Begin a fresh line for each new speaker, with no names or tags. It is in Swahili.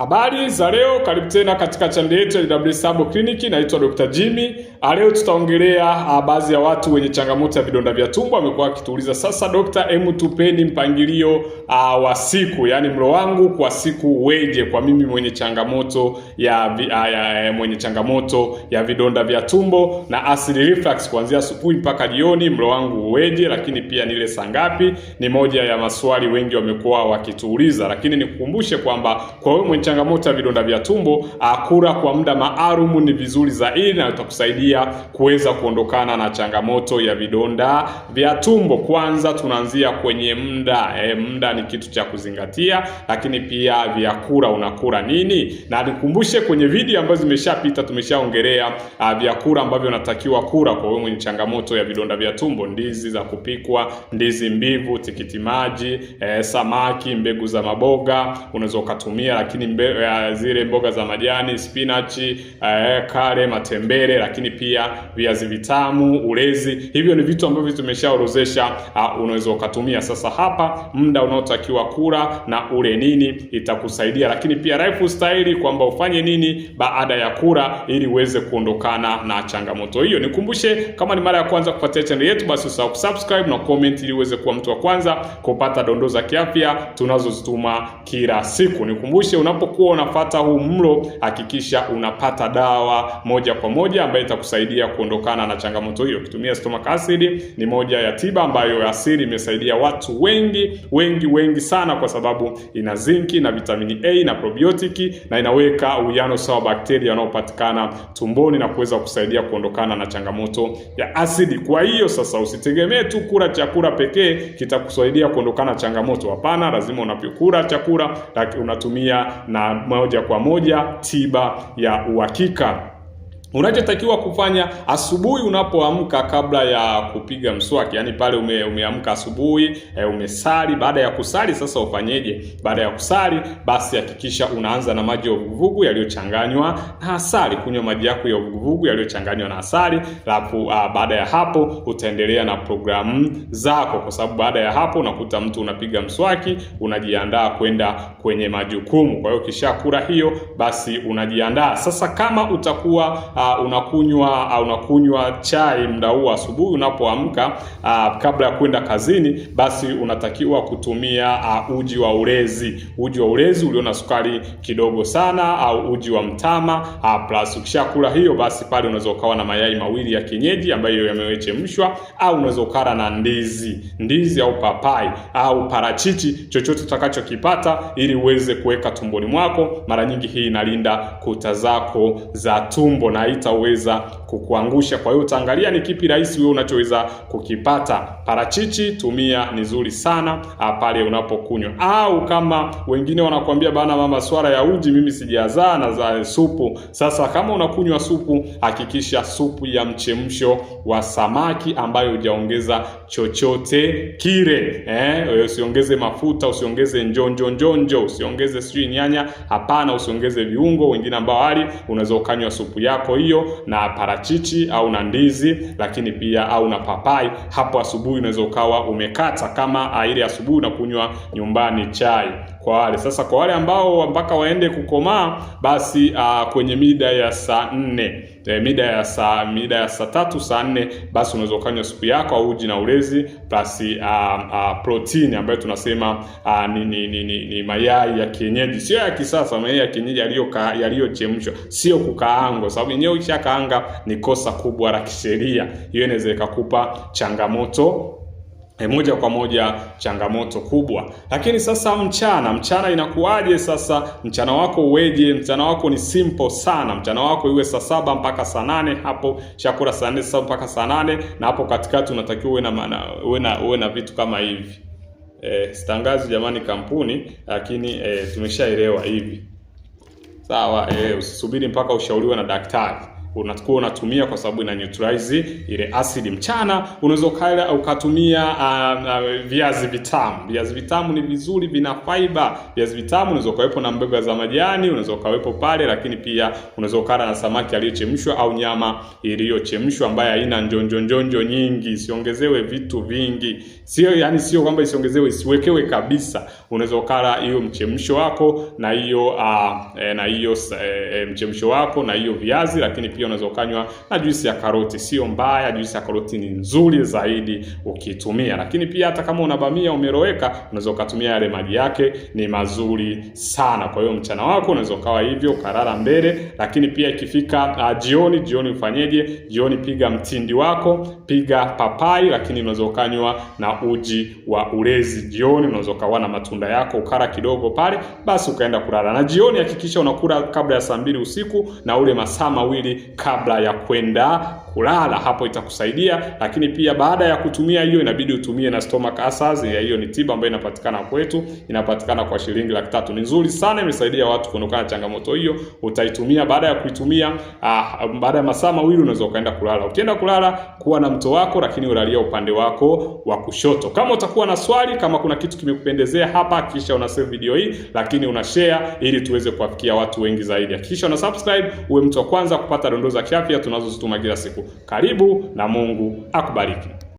Habari za leo, karibu tena katika chaneli yetu ya JW Sabo Clinic. Naitwa Dr. Jimmy. Ah, leo tutaongelea ah, baadhi ya watu wenye changamoto ya vidonda vya tumbo. Amekuwa akituuliza sasa, dokta, hem, tupeni mpangilio uh, wa siku, yani mlo wangu kwa siku weje kwa mimi mwenye changamoto ya, vi, uh, ya mwenye changamoto ya vidonda vya tumbo na acid reflux, kuanzia asubuhi mpaka jioni mlo wangu uweje, lakini pia nile saa ngapi, ni moja ya maswali wengi wamekuwa wakituuliza. Lakini nikukumbushe kwamba kwa wewe mwenye changamoto ya vidonda vya tumbo, akula ah, kwa muda maalum ni vizuri zaidi na itakusaidia kuweza kuondokana na changamoto ya vidonda vya tumbo. Kwanza tunaanzia kwenye muda eh, muda ni kitu cha kuzingatia, lakini pia vyakula unakula nini. Na nikumbushe kwenye video ambazo zimeshapita tumeshaongelea ah, vyakula ambavyo unatakiwa kula kwa wewe mwenye changamoto ya vidonda vya tumbo: ndizi za kupikwa, ndizi mbivu, tikiti maji, eh, samaki, mbegu za maboga unaweza ukatumia, lakini mbe, eh, zile mboga za majani, spinach, e, eh, kale, matembele, lakini pia viazi vitamu, ulezi. Hivyo ni vitu ambavyo tumeshaorozesha, uh, unaweza ukatumia. Sasa hapa muda unao unatakiwa kula na ule nini, itakusaidia. Lakini pia lifestyle, kwamba ufanye nini baada ya kula, ili uweze kuondokana na changamoto hiyo. Nikumbushe, kama ni mara ya kwanza kufuatia channel yetu, basi usahau kusubscribe na comment, ili uweze kuwa mtu wa kwanza kupata dondoo za kiafya tunazozituma kila siku. Nikumbushe, unapokuwa unafata huu mlo, hakikisha unapata dawa moja kwa moja ambayo itakusaidia kuondokana na changamoto hiyo. Ukitumia stomach acid, ni moja ya tiba ambayo asili imesaidia watu wengi wengi wengi wengi sana, kwa sababu ina zinki na vitamini A na probiotiki na inaweka uwiano sawa bakteria wanaopatikana tumboni na kuweza kusaidia kuondokana na changamoto ya asidi. Kwa hiyo sasa usitegemee tu kula chakula pekee kitakusaidia kuondokana changamoto. Hapana, lazima unapokula chakula unatumia na moja kwa moja tiba ya uhakika. Unachotakiwa kufanya asubuhi unapoamka, kabla ya kupiga mswaki, yani pale ume, umeamka asubuhi e, umesali. Baada ya kusali sasa ufanyeje? Baada ya kusali basi hakikisha unaanza na maji ya uvuguvugu yaliyochanganywa na asali, kunywa maji yako ya uvuguvugu yaliyochanganywa na asali. Alafu ah, baada ya hapo utaendelea na programu zako, kwa sababu baada ya hapo unakuta mtu unapiga mswaki, unajiandaa kwenda kwenye majukumu. Kwa hiyo kisha kura hiyo, basi unajiandaa sasa, kama utakuwa uh, unakunywa uh, unakunywa chai muda huu asubuhi unapoamka uh, kabla ya kwenda kazini, basi unatakiwa kutumia uh, uji wa ulezi, uji wa ulezi ulio na sukari kidogo sana, au uh, uji wa mtama uh, plus ukishakula hiyo, basi pale unaweza ukawa na mayai mawili ya kienyeji ambayo yamewechemshwa au uh, unaweza ukala na ndizi, ndizi au papai au uh, parachichi, chochote utakachokipata ili uweze kuweka tumboni mwako. Mara nyingi hii inalinda kuta zako za tumbo na haitaweza kukuangusha. Kwa hiyo utaangalia ni kipi rahisi wewe unachoweza kukipata. Parachichi tumia, ni nzuri sana ah, pale unapokunywa, au kama wengine wanakuambia bana, mama, swala ya uji mimi sijazaa na za supu. Sasa kama unakunywa supu, hakikisha supu ya mchemsho wa samaki ambayo hujaongeza chochote kile, eh, usiongeze mafuta, usiongeze njonjo njonjo, usiongeze sijui nyanya, hapana, usiongeze viungo. Wengine ambao hali unaweza ukanywa supu yako hiyo na parachichi au na ndizi, lakini pia au na papai. Hapo asubuhi unaweza ukawa umekata kama ile asubuhi unakunywa nyumbani chai kwa wale sasa, kwa wale ambao mpaka waende kukomaa basi, uh, kwenye mida ya saa nne e, mida ya saa mida ya saa tatu saa nne, basi unaweza ukanywa supu yako au uji na ulezi plus ah, ah, protini ambayo tunasema uh, ni, ni, ni, ni, ni mayai ya kienyeji, sio ya kisasa, mayai ya kienyeji yaliyochemshwa, sio kukaangwa, sababu yenyewe ukishakaanga ni kosa kubwa la kisheria. Hiyo inaweza ikakupa changamoto E, moja kwa moja changamoto kubwa. Lakini sasa mchana, mchana inakuwaje sasa? Mchana wako uweje? Mchana wako ni simple sana. Mchana wako iwe saa saba mpaka saa nane hapo, chakula saa nne saa mpaka saa nane na hapo katikati unatakiwa uwe na uwe na uwe na vitu kama hivi. E, sitangazi jamani kampuni, lakini e, tumeshaelewa hivi. Sawa, e, usisubiri mpaka ushauriwe na daktari unakuwa unatumia kwa sababu ina neutralize ile acid. Mchana unaweza ukala ukatumia uh, uh, viazi vitamu. Viazi vitamu ni vizuri, vina fiber. Viazi vitamu unaweza ukawepo na mboga za majani, unaweza ukawepo pale, lakini pia unaweza ukala na samaki aliyochemshwa au nyama iliyochemshwa ambayo haina njonjo njonjo nyingi, isiongezewe vitu vingi. Sio yani, sio kwamba isiongezewe, isiwekewe kabisa. Unaweza ukala hiyo mchemsho wako na hiyo uh, na hiyo uh, mchemsho wako na hiyo viazi, lakini pia pia unaweza ukanywa na juisi ya karoti, sio mbaya. Juisi ya karoti ni nzuri zaidi ukitumia, lakini pia hata kama una bamia umeroweka, unaweza ukatumia yale maji yake, ni mazuri sana. Kwa hiyo mchana wako unaweza ukawa hivyo ukalala mbele, lakini pia ikifika uh, jioni, jioni ufanyeje? Jioni piga mtindi wako piga papai, lakini unaweza ukanywa na uji wa ulezi jioni. Unaweza ukawa na matunda yako ukara kidogo pale, basi ukaenda kulala. Na jioni hakikisha unakula kabla ya saa mbili usiku na ule masaa mawili kabla ya kwenda kulala, hapo itakusaidia. Lakini pia baada ya kutumia hiyo, inabidi utumie na stomach acids. ya Hiyo ni tiba ambayo inapatikana kwetu, inapatikana kwa shilingi laki tatu. Ni nzuri sana, imesaidia watu kuondokana changamoto hiyo. Utaitumia baada ya kuitumia, ah, baada ya masaa mawili unaweza ukaenda kulala. Ukienda kulala kuwa na mto wako, lakini ulalia upande wako wa kushoto. Kama utakuwa na swali, kama kuna kitu kimekupendezea hapa, kisha una save video hii, lakini una share ili tuweze kuwafikia watu wengi zaidi. Hakikisha una subscribe uwe mtu wa kwanza kupata dondoo za kiafya tunazozituma kila siku. Karibu na Mungu akubariki.